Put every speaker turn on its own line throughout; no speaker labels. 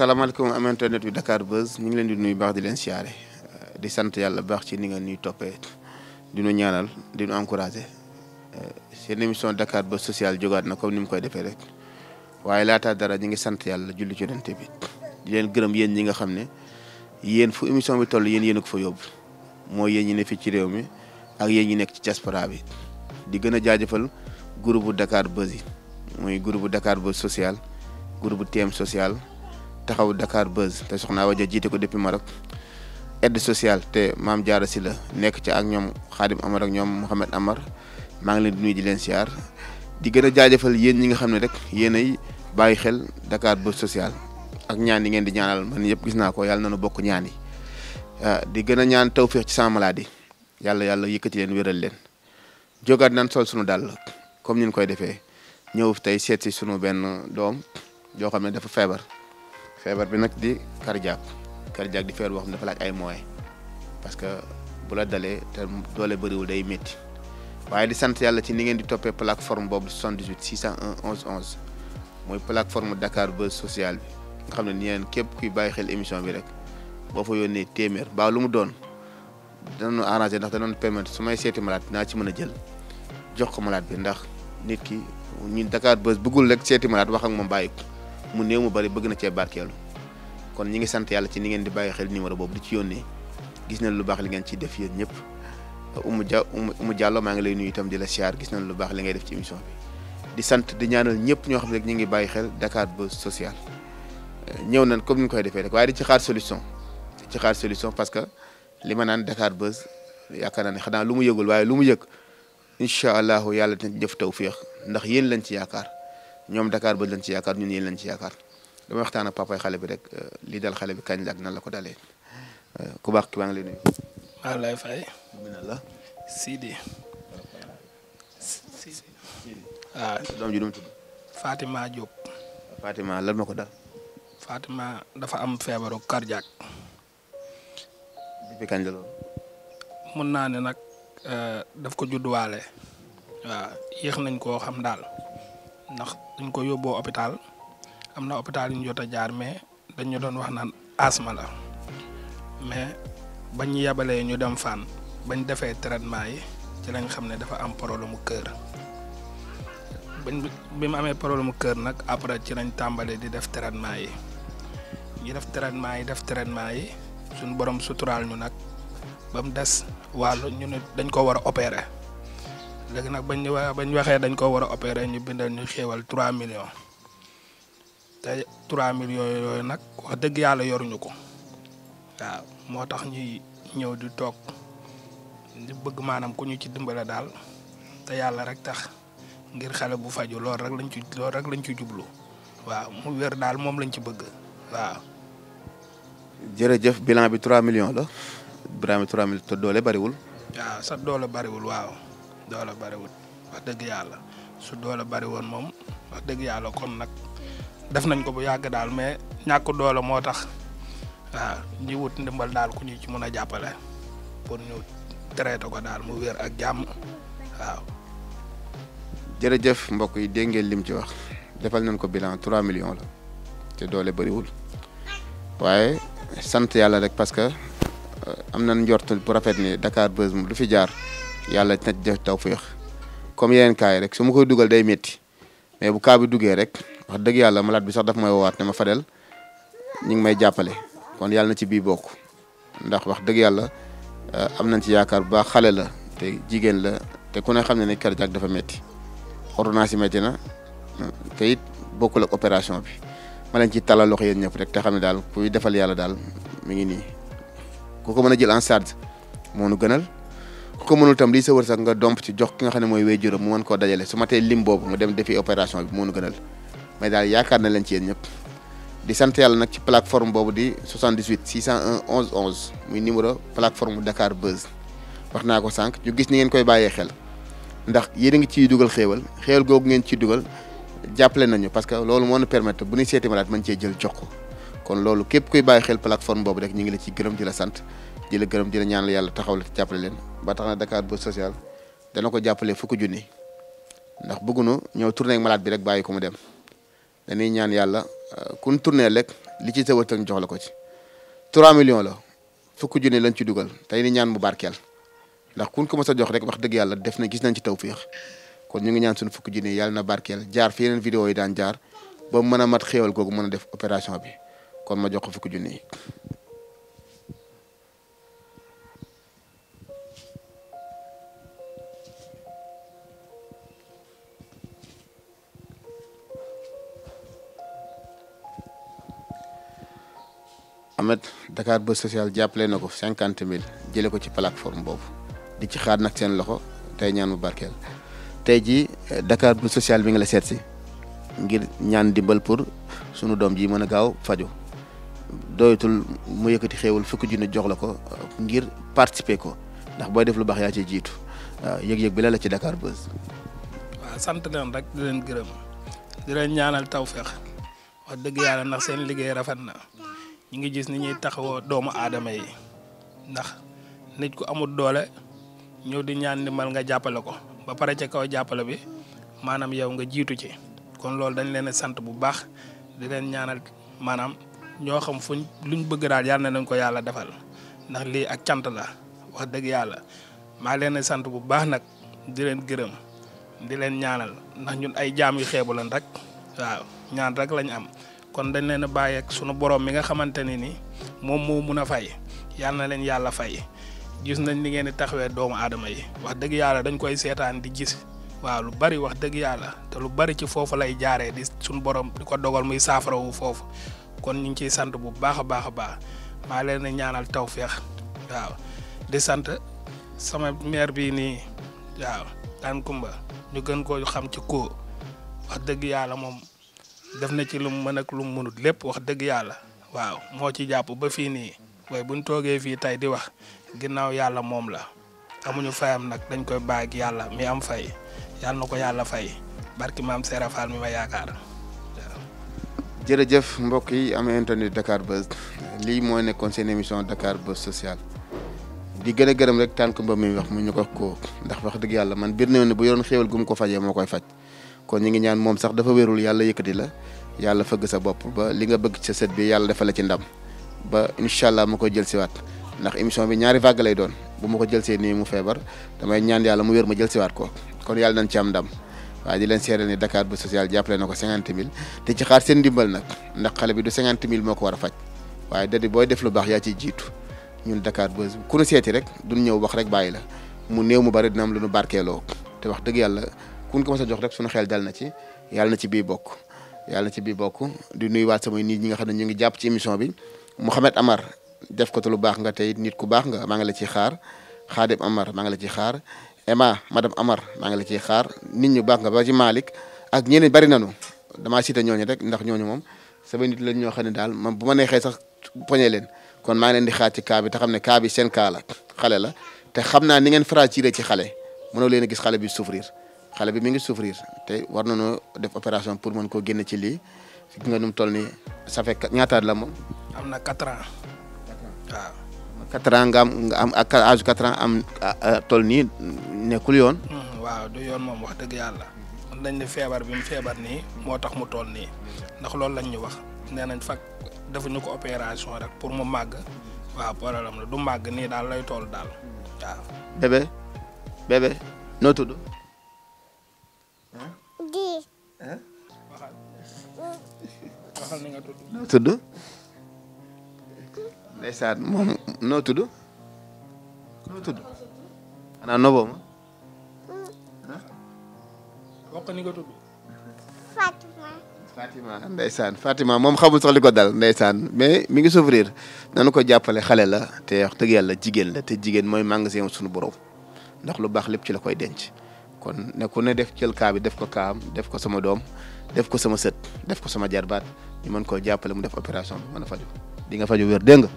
salaamaaleykum am internet bi Dakar Buzz ñu ngi leen di nuyu baax di leen siyaare di sant yàlla baax ci ni nga nuy toppee di nu ñaanal di nu seen émission Dakar Buzz sociale jógaat na comme ni mu koy defee rek waaye laataa dara ñu ngi sant yàlla julli ci Yonent bi di leen gërëm yéen ñi nga xam ne yéen fu émission bi toll yéen yéen a ko fa yóbbu mooy yéen ñi ne fii ci réew mi ak yéen ñi nekk ci diaspora bi di gën a jaajëfal groupe bu Dakar Buzz yi muy groupe bu Dakar Buzz social social. taxaw Dakar Buzz te soxna Awa Dia jiite ko depuis Maroc aide sociale te maam Diarra si la nekk ca ak ñoom Xaadim Amar ak ñoom Mouhamed Amar maa ngi leen di nuyu di leen siyaar di gën a jaajëfal yéen ñi nga xam ne rek yéen ay bàyyi xel Dakar Buzz sociale ak ñaan yi ngeen di ñaanal man yëpp gis naa ko yàlla nañu bokk ñaan yi ah, di gën a ñaan tawféex ci sama maladie yàlla yàlla yëkkati leen wéral leen jógaat naan sol sunu dàll comme ni koy defee ñëw tey seet si sunu benn doom joo xam ne dafa feebar. feebar bi nag di cardiaque cardiaque di feebar boo xam dafa laaj ay moyens parce que bu la dalee te doole bëriwul day métti waaye di sant yàlla ci ni ngeen di toppee plateforme boobu 78 601 11 11 mooy plateforme Dakar Buzz social bi nga xam ne ni ngeen képp kuy bàyyi xel émission bi rek boo fa yónnee téeméer ba lu mu doon danañu arrangé ndax danañu permettre su may seeti malade naa ci mën a jël jox ko malaat bi ndax nit ki ñun Dakar Buzz bëggul rek seeti malade wax ak moom bàyyi mu néew mu bari bëgg na cee barkeelu kon ñi ngi sant yàlla ci ni ngeen di bàyyi xel numéro boobu di ci yónnee gis nañ lu baax li ngeen ciy def yéen ñëpp umu ja umu jàllo maa ngi lay nuyu itam di la gis nañ lu baax li ngay def ci émission bi di sant di ñaanal ñëpp ñoo xam ne rek ñu ngi bàyyi xel Dakar Buzz Social ñëw nañ comme ni ñu koy defee rek waaye di ci xaar solution ci xaar solution parce que li ma naan Dakar Buzz yaakaar naa ne xanaa lu mu yëgul waaye lu mu yëg incha allahu yàlla dina jëf tawféex ndax yéen lañ ci yaakaar ñoom Dakar ba leen ci yaakaar ñun yéen lañ ci yaakaar dama waxtaan ak papay xale bi rek euh, lii dal xale bi kañ la ak ko dalee euh, ku baax ki maa
ngi la. Sidi. Sidi. waaw. Ah.
doom ji nu mu ko dal.
Fatima dafa am feebaru cardiaque. depuis kañ mun naa ne nag euh, def ko judduwaale. waaw yéex nañ koo xam daal. ndax dañ ko yóbboo hôpital am na hôpital yu ñu jot a jaar mais dañ ñu doon wax na asma la mais bañ ñu yebalee ñu dem fan bañ defee traitement yi ci lañ xam ne dafa am problème mu kër bañ bi mu amee problème mu kër nag après ci lañ tàmbalee di def traitement yi ñu def traitement yi def traitement yi suñ borom suturaal ñu nag ba mu des wàllu ñu ne dañ ko war a opérer. léegi nag bañ ñu wa waxee dañ koo war a opérer ñu bindal ñu xéewal 3 millions te 3 millions yooyu nag wax dëgg yàlla yoruñu ko waaw moo tax ñuy ñëw di toog di bëgg maanaam ku ñu ci dimbale daal te yàlla rek tax ngir xale bu faju loolu rek lañ ci loolu rek lañ ci jublu waaw mu wér daal moom lañ ci bëgg waaw.
jërëjëf bilan bi 3 millions la. Ibrahima 3 millions te doole bariwul.
waaw sa doole bariwul waaw. doole bariwul wax dëgg yàlla su doole bari woon moom wax dëgg yàlla kon nag def nañ ko bu yàgg daal mais ñàkk doole moo tax waaw ñi wut ndimbal daal ku ñu ci mën a jàppale pour ñu traité ko daal mu wér ak jàmm waaw.
jërëjëf mbokk yi dégg ngeen lim ci wax defal nañ ko bilan 3 millions la te doole bariwul waaye sant yàlla rek parce que euh, am nañ njort bu rafet ni Dakar Buzz moom fi jaar. yàlla dina ci def tawféex comme yeneen cas yi rek su ma koy dugal day métti mais bu cas bi duggee rek wax dëgg yàlla malade bi sax dafa may woowaat ne ma Fadel ñu ngi may jàppale kon yàlla na ci bii bokk ndax wax dëgg yàlla euh, am nañ ci yaakaar bu baax xale la te jigéen la te ku ne xam ne ne cardiaque dafa métti ordonnance yi métti na te it opération bi ma leen ci talal yéen ñëpp rek te xam ne daal kuy defal yàlla daal mi ngi nii ku ko mën a jël en charge moo nu gënal. ku ko mënul tam lii sa wërsëg nga domp ci jox ki nga xam ne mooy wéy juróom mu mën koo dajale su ma tee lim boobu mu dem defi opération bi moonu gënal mais daal yaakaar na leen ci yéen ñëpp di sant yàlla nag ci plateforme boobu di 78 601 11 11 muy numéro plateforme Dakar Buzz wax naa ko sànq ñu gis ni ngeen koy bàyyee xel ndax yéen a ngi ciy dugal xéewal xéewal googu ngeen ciy dugal jàppale nañu parce que loolu moo ñu permettre bu ñuy seeti malade mën cee jël jox ko kon loolu képp kuy bàyyi xel plateforme boobu rek ñu ngi la ci gërëm di la sant di la gërëm di la ñaanal yàlla taxaw la ci jàppale leen ba tax na Dakar Buzz Social dana ko jàppale fukki junni ndax bëggunu ñëw tourné malaat bi rek bàyyi ko mu dem dañuy ñaan yàlla euh, kun tourné rek li ci tëwat ñu jox la ko ci 3 millions la fukki junni lañ ci dugal tey ni ñaan mu barkeel ndax kun ko mës a jox rek wax dëgg yàlla def na gis nañ ci tawféex kon ñu ngi ñaan suñu fukki junni yàlla na barkeel jaar fi yeneen vidéo yi daan jaar ba mën a mat xéewal googu mën a def opération bi kon ma jox ko fukki junni Ahmed Dakar Buzz Social jàppale na ko cinquante mille jëlee ko ci plateforme boobu di ci xaar nag seen loxo te ñaan mu barkeel tey ji eh, Dakar Buzz Social mi ngi la seet si ngir ñaan dimbal pour sunu doom ji mën a gaaw fajo doyatul mu yëkkati xéewul fukki junni jox la ko eh, ngir participer ko ndax booy def lu baax yaa ci jiitu waaw eh, yëg-yëg bi la la ci Dakar Buzz.
waaw sant leen rek di leen gërëm di ñaanal tawfeex wax dëgg yàlla ndax seen liggéey rafet ñu ngi gis ni ñuy taxawoo doomu aadama yi ndax nit ku amul doole ñëw di ñaan ndimbal nga jàppale ko ba pare ca kaw jàppale bi maanaam yow nga jiitu ci kon loolu dañ leen sant bu baax di leen ñaanal maanaam ñoo xam fuñ luñ bëgg daal yàlla nañ ko yàlla defal ndax lii ak cant la wax dëgg yàlla maa leen sant bu baax nag di leen gërëm di leen ñaanal ndax ñun ay jaam yu xeebu lan rek waaw ñaan rek lañ am. kon dañ leen a bàyyi ak sunu boroom mi nga xamante ne ni moom moo mun a fay yàlla na leen yàlla fay gis nañ li ngeen taxawee doomu aadama yi wax dëgg yàlla dañ koy seetaan di gis waaw lu bari wax dëgg yàlla te lu bari ci foofu lay jaaree di sunu boroom di ko dogal muy saafarawu foofu kon ñu ngi ciy sant bu baax a baax a baax maa leen di ñaanal tawféex waaw di sant sama maire bii nii waaw daan kumba ñu gën koo xam ci ko wax dëgg yàlla moom. def na ci lum mu mën ak lu mu lépp wax dëgg yàlla waaw moo ci jàpp ba fii nii waaye buñ toogee fii tey di wax ginnaaw yàlla moom la amuñu fayam nag dañ koy baag yàlla mi am fay yàlla na ko yàlla fay barki maam am Fall mi ma yaakaar.
jërëjëf mbokk yi am internet Dakar Buzz lii mooy nekkoon seen émission Dakar Buzz social di gën a gërëm rek tànk mba mi wax mu ñu ko ko ndax wax dëgg yàlla man biir na ne bu yoon xéewal gu mu ko fajee moo koy faj. kon ñu ngi ñaan moom sax dafa wérul yàlla yëkkati la yàlla fëgg sa bopp ba li nga bëgg ci sa set bi yàlla defal la ci ndam ba incha allah ma koy jël siwaat ndax émission bi ñaari vague lay doon bu ma ko jël see nii mu feebar damay ñaan yàlla mu wér ma jël siwaat ko kon yàlla nañ ci am ndam waaye di leen seeral ni Dakar bu social jàppale na ko cinquante mille te ci xaar seen ndimbal nag ndax xale bi du cinquante mille moo ko war a faj waaye dadi booy def lu baax yaa ciy jiitu ñun Dakar Buzz ku nu seeti rek duñ ñëw wax rek bàyyi la mu néew mu bari dina am lu barkeeloo te wax dëgg yàlla kun ko mos a jox rek suñu xeel daal na ci yàlla na ci bii bokk yàlla na ci bii bokk di nuyuwaat samay nit ñi nga xam ne ñu ngi jàpp ci émission bi Mouhamed Amar def ko te lu baax nga tey nit ku baax nga maa ngi la ciy xaar Khadim Amar maa ngi la ciy xaar Emma madame Amar maa ngi la ciy xaar nit ñu baax nga ba ci Malick ak ñeneen bari nañu damaa cité ñooñu rek ndax ñooñu moom samay nit lañ ñoo xam ne daal man bu ma neexee sax poñe leen kon maa ngi leen di xaar ci kaa bi te xam ne kaa bi seen kaa la xale la te xam na ni ngeen fracturé ci xale mënoo leen a gis xale bi souffrir xale bi mi ngi souffrir te war nañoo def opération pour mën koo génne ci lii fi nga nu mu toll nii ça fait ñaataat la moom.
am na quatre ans.
waaw. quatre ans am nga ak âge quatre am toll nii nekkul yoon. Hmm,
waaw du yoon moom wax dëgg yàlla. mën nañ ne feebar bi mu feebar nii moo tax mu toll nii ndax loolu lañ ñu wax nee nañ fak defuñu ko opération rek pour mu màgg waaw problème la du màgg nii daal lay toll daal
waaw. bébé noo tudd.
waxal ni nga tudd. noo tudd.
ndeysaan moom noo tudd. noo tudd. xanaa noboo Fatima. Fatima moom xamul sax li ko dal saan mais mi ngi souffrir nanu ko jàppale xale la te wax dëgg yàlla jigéen la te jigéen mooy magasin suñu borom ndax lu baax lépp ci la koy denc kon ne ku ne def jël kaa bi def ko kaam def ko sama doom def ko sama sët def ko sama jarbaat ñu koo jàppale mu def opération bi a faju di nga faju wér dégg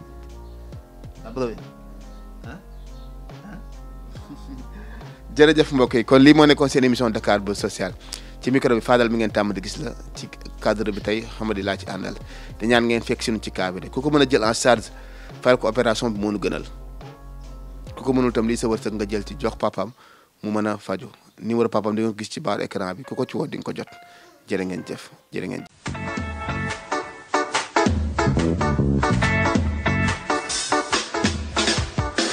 mbokk yi kon lii moo seen émission Dakar Buzz Social ci micro bi ngeen tàmm di gis la ci cadre bi tey xamadi laa ci àndal te ñaan ngeen fekk sunu ci cas bi de ku ko mën a jël en charge fayal ko opération bi moo nu gënal ku ko mënul itam lii sa wërsëg nga jël ci jox papam mu mën a faju numéro papam di gis ci baaru écran bi ku ko ci woo di nga ko jot jërë ngeen jëf jërë ngeen